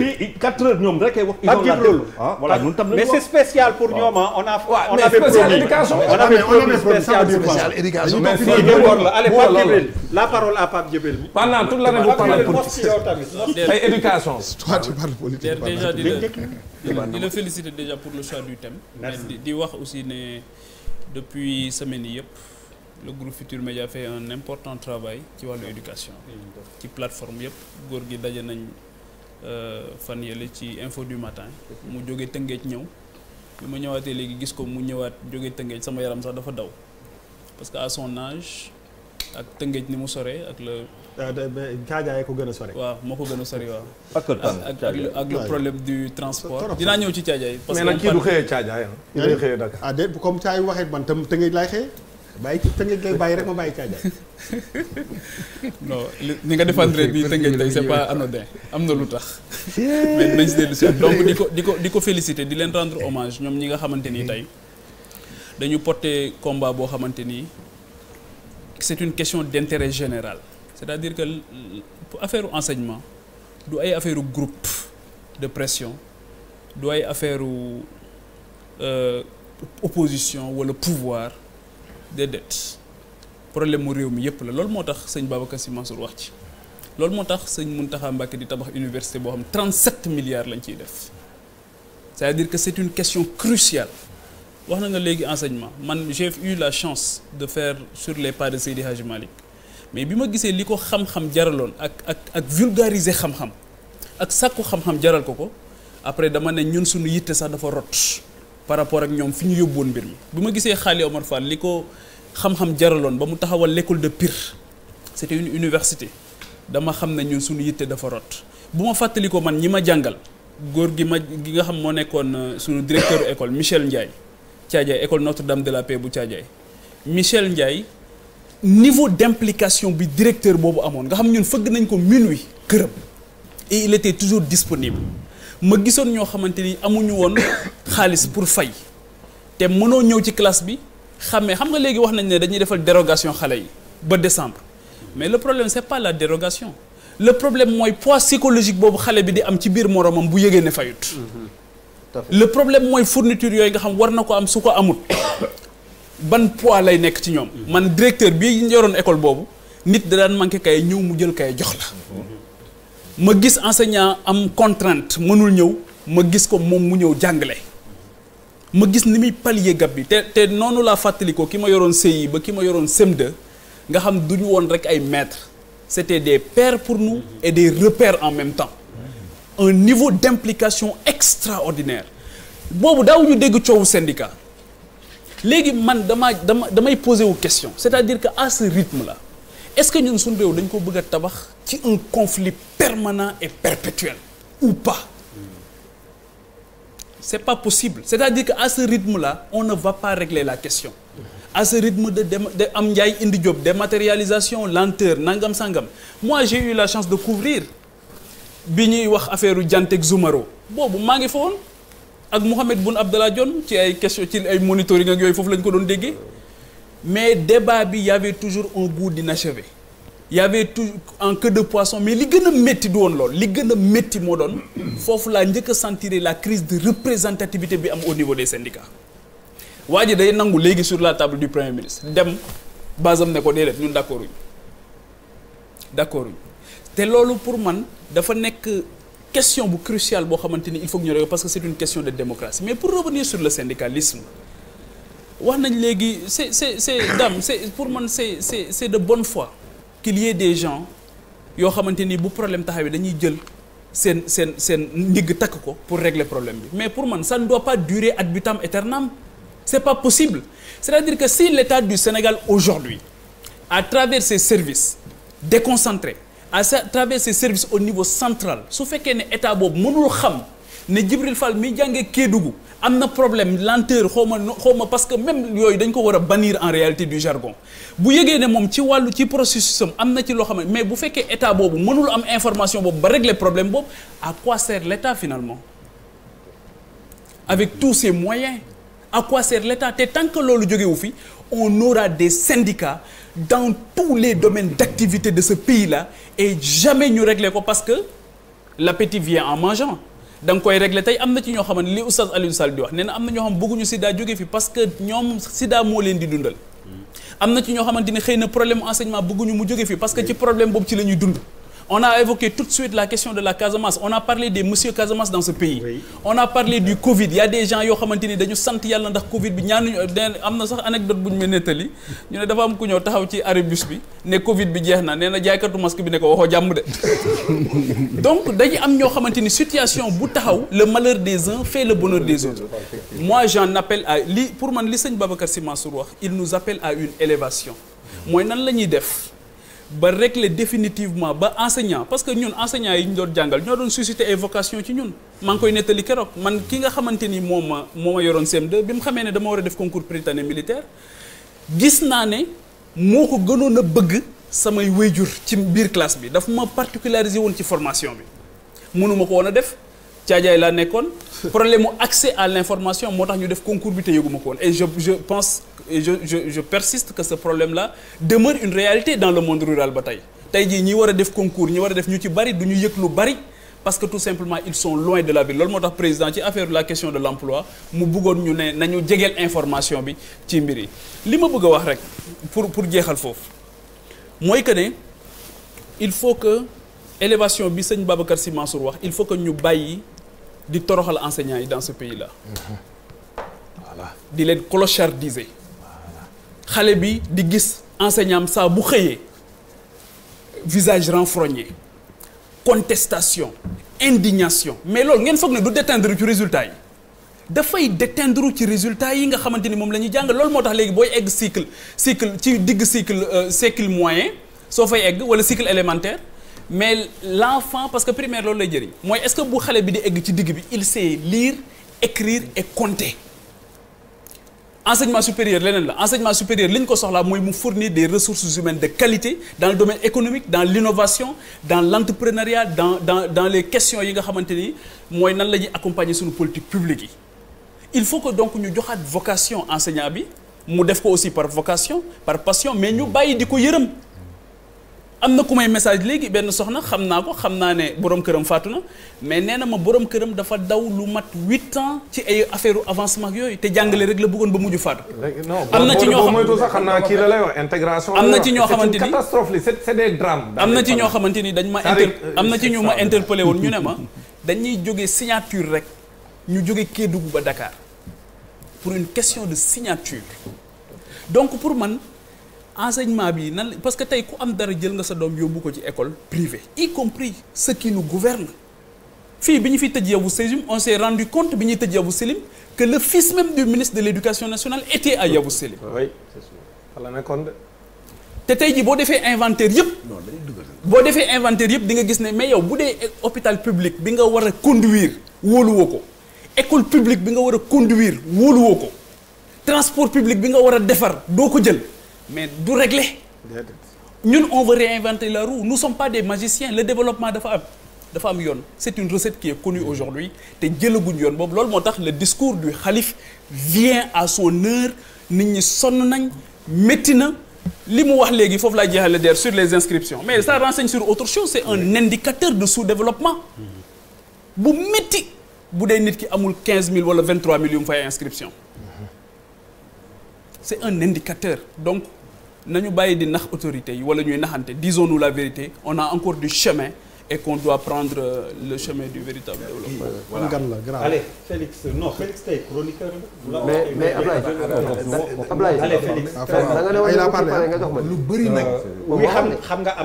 depuis 4 heures ñoom rek ay wax. ils ont la loolu ah, voilà ñun tam mais c'est spécial pour ñoom ah on a. on avait spécial éducation on avait promis spécial spécial éducation. mais fii d'abord la allez Pape Djibril la parole à Pape Djibril. pendant toute l'année vous parlez politique ay éducation. toi tu parles politique. déjà di la di la féliciter déjà pour le choix du thème. merci di wax aussi ne depuis semaine yi yëpp. le groupe Futur Média fait un important travail ci wàllu éducation ci plateforme yëpp góor gi daje nañ Euh, fan yële ci info du matin mu jóge tëngeej ñëw bi ma ñëwaatee léegi gis ko mu ñëwaat jóge tëngéej sama yaram sax dafa daw parce que à son ak tëngeej ni mu soree ak la euh, caajaay ko gën a sori. waaw moo ko gën a sori waaw. ak ak le problème du transport. dinaa ñëw ci caajaay. parce que mais nag kii du xëyee caajaay ah. Euh, ah comme caay waxee man tam laay xëyee. bàyyi ci bàyyi rek ma bàyyi caaja. non ni nga défendre bi tënkee tey c'est pas anodin am na lu tax. mais dinañ donc di ko di ko di ko féliciter di leen rendre hommage ñoom ñi nga xamante ni tey dañu porter combat boo xamante ni c'est une question d'intérêt général. c'est-à-dire que affaire enseignement du ay affaire groupe de pression du ay affaire euh, opposition wala pouvoir. déedéet problème mu réew mi yëpp la loolu moo tax sëñ Babacar Sy Mansour wax ci loolu moo tax sëñ Mountakha Mbacké di tabax université boo xam 37 milliards lañ ciy def c'est-à-dire que c'est une question cruciale wax na nga léegi enseignement man j'ai eu la chance de faire sur les pas de Seydi Hadji Malick mais bi ma gisee li ko xam-xam jaraloon ak ak ak vulgariser xam-xam ak sàkku xam-xam jaral ko ko après dama ne ñun suñu yitte sax dafa rot par rapport ak ñoom fi ñu yóbbu woon mbir mi bu ma gisee Xaali Omar Fall li ko xam-xam jaraloon ba mu taxawal l'école de Pire c'était une université dama xam ne ñu suñu yitte dafa rot bu ma fàttali ko man ñi ma jàngal góor gi ma gi nga xam moo nekkoon euh, suñu directeur école Michel Ndiaye Thiadiaye école Notre-Dame de la Paix bu Thiadiaye Michel Ndiaye niveau d'implication bi directeur boobu amoon nga xam ñun fëgg nañ ko minuit këram et il toujours disponible ma gisoon ñoo xamante ni amuñu woon xaalis pour fay te mënoo ñëw ci classe bi xamee xam nga léegi wax nañ ne dañuy defal dérogation xale yi ba décembre mais le problème c'est pas la dérogation le problème mooy pois psychologique boobu xale bi di am ci biir moromam bu yëgee ne fayut mm-hmm. le problème mooy fourniture yooyu nga xam war na ko am su ko amut ban poids lay nekk ci ñoom mm-hmm. man directeur bi yoroon école boobu nit da daan manqué kay ñëw mu jël kay jox la mm-hmm. ma gis enseignant am contrainte mënul ñëw ma gis ko moom mu ñëw jàngale ma gis ni muy pallier gap bi te te noonu laa fàttalikoo ki ma yoroon yi ba ki ma yoroon cm nga xam duñu woon rek ay maîtres c'était des pères pour nous et des repères en même temps un niveau d'implication extraordinaire boobu daawuñu dégg coowu syndicat léegi man damaa dama damay poser wu question c'est-à-dire que à ce rythme-là est-ce que ñun suñu réew dañ ko bëgg a tabax ci un conflit permanent et perpétuel ou pas c'est pas possible c'est-à-dire que à ce rythme-là on ne va pas régler la question à ce rythme de de am njaay indi job dématérialisation lenteur nangam sangam moi j'ai eu la chance de couvrir bi ñuy wax affaire Jantec Zoumaro boobu maa ngi fa woon ak Mohamed Boun Abdallah Dionne ci ay question ci ay monitoring ak yooyu foofu lañ ko doon déggee mais débat bi y avait toujours un goût d'inachevé y avait tout en queue de poisson mais li gën a métti du woon lool li gën a métti moo doon foofu laa njëkk a la crise de représentativité bi am au niveau des syndicats waa ji day nangu léegi sur la table du premier ministre dem basam ne ko déedéet ñun d'accord uñ d'accord uñ te loolu pour man dafa nekk question bu cruciale boo xamante ni il faut que ñu réglé parce que c'est une question de démocratie mais pour revenir sur le syndicalisme wax nañ léegi c'est c'est c'est dame c'est pour man c'est c'est de bonne foi qu'il des gens yoo xamante ni bu problème taxawee dañuy jël seen seen seen ndigg takk ko pour régler problème bi mais pour man ça ne doit pas durer ad vitam aeternam c'est pas possible c'est-à-dire que si l'État du Sénégal aujourd'hui à travers ses services déconcentrés à travers ses service au niveau central su fekkee ne état boobu mënul xam ne Djibril Fall mi jàngee Kédougou am na problème lenteur xaw ma xaw ma parce que même yooyu dañ ko war a bannir en réalité du jargon bu yëgee ne moom ci wàllu ci processus am na ci loo xam ne mais bu fekkee état boobu mënul am information boobu ba régler problème boobu à quoi sert l'état finalement avec tous ces moyens à quoi sert l'état te tant que loolu jógewu fi on aura des syndicats dans tous les domaines d'activité de ce pays la et jamais ñu régler ko parce que l'appétit vient en mangeant da nga koy régler tey am na ci ñoo xam ne li oustaz Alioune Sall di wax nee na am na ñoo xam bëgguñu sida jóge fi parce que ñoom sida moo leen di dundal hmm. am na ci ñoo xamante ni xëy na problème enseignement bëgguñu mu jóge fi parce que ci problème boobu ci la ñuy dund On a évoqué tout de suite la question de la Casamance. On a parlé des monsieur Casamance dans ce pays. On a parlé du Covid. Il a des gens yoo xamante ni dañu sant yàlla ndax Covid bi ñaanuñu am na sax anecdote bu ñu ma nettali ñu ne dafa am ku ñëw taxaw ci arrêt bi ne Covid bi jeex na nee na jaaykatu masque bi ne ko waxoo jàmm de. donc dañu am ñoo xamante ni situation bu taxaw le malheur des uns fait le bonheur des autres. moi j'en appelle à li pour man li sëñ Babacar Sy Mansour wax il à une élévation. mooy nan la ñuy def. ba régler définitivement ba enseignant parce que ñun enseignant yi ñu doon jàngal ñoo doon susciter ay vocation ci ñun maa koy nettali keroog man ki nga xamante ni moom ma moo ma yoroon CM2 bi mu xamee ne dama war a def concours prytanée militaire gis naa ne moo ko gënoon a bëgg samay wéyjur ci biir classe bi dafa ma particularisé woon ci formation bi mënuma ko woon a def Caajaay laa nekkoon problème mu accès à l'information moo tax ñu def concours bi te yëguma ko woon et je je pense persiste que ce problème là demeure une réalité dans le monde rural ba tey tey jii ñi war a def concours ñi war a def ñu ci bari du ñu yëg lu bari parce que tout simplement ils sont loin de la ville loolu moo tax président ci affaire la question de l'emploi mu bëggoon ñu ne nañu jegeel information bi ci mbir yi li ma bëgg a wax rek pour pour jeexal foofu mooy que ne faut que élévation bi sëñ Babacar Sy Mansour wax il faut que ñu bàyyi di toroxal enseignants yi dans ce pays la voilà di leen clochardiser. xale bi di gis enseignant saa bu xëyee visage renfrogné contestation indignation mais lool ngeen foog ne du déteindre ci résultat yi dafay déteindre ci résultat yi nga xamante ni moom la ñuy jàng loolu moo tax léegi booy egg cycle cycle ci digg cycle euh, cycle moyen soo fay egg wala cycle élémentaire. mais l'enfant parce que primaire loolu lay jëriñ mooy est-ce que bu xale bi di egg ci digg bi il sait lire écrire et compter enseignement supérieur leneen la enseignement supérieur li ñu ko soxlaa mooy mu fournir des ressources humaines de qualité dans le domaine économique dans l'innovation dans l'entrepreneuriat dans dans les questions yi nga xamante ni mooy nan la ñuy accompagner suñu politique publique yi il faut que donc ñu joxaat vocation enseignant bi mu def ko aussi par vocation par passion mais ñu bàyyi di ko yërëm am na ku may message léegi benn soxna xam naa ko xam naa ne borom këram faatu na mais nee na ma borom këram dafa daw lu mat huit ans ci ay affaire avancement yooyu te jàngale rek la bëggoon ba mujj faatu. am na ci ñoo xam ne kii la lay wax intégration. am na ci ñoo xamante ni catastrophe li c'est des drames. am na ni dañ ma inter am na ci ñu ma interpellé woon ñu ne ma dañuy jóge signature rek ñu jóge dugub ba Dakar pour une question de signature donc pour man. enseignement bi nan parce que tey ku am dara jël nga sa doom yóbbu ko ci école privée y compris ceux qui nous fii bi ñu fi tëj Yavuz Selim on s'est rendu compte bi ñuy tëj Yavuz Selim que le fils même du ministre de l'éducation nationale était à Yavuz Selim oui c'est sûr xala te tey jii boo defee inventaire yëpp boo defee inventaire yëpp di nga gis ne mais yow bu dee hôpital public bi nga war a conduire wóoluwoo ko école publique bi nga war a conduire wóoluwoo ko transport public bi nga war a defar doo ko jël mais du régler ñun on veut réinventer la roue nous sommes pas des magiciens le développement dafa am dafa am yoon c'est une recette qui est connue aujourd'hui te jëlaguñ yoon boobu lool moo tax le discours du xalif vient à son heure nit ñi sonn nañ metti na li mu wax léegi foofu laa jeexale der sur les inscriptions mais ça renseigne sur autre chose c'est un indicateur de sous-développement bu metti bu dee nit ki amul 15000 wala 23000 yu mu fay inscription c'est un indicateur donc nañu bàyyi di nax autorités yi wala ñuy naxante disons-nous la vérité on a encore du chemin et qu'on doit prendre le chemin du véritable développement. voilà allez Félix non Félix tey chroniqueur la. mais mais Ablaye Ablaye Félix. da nga ne xam nga am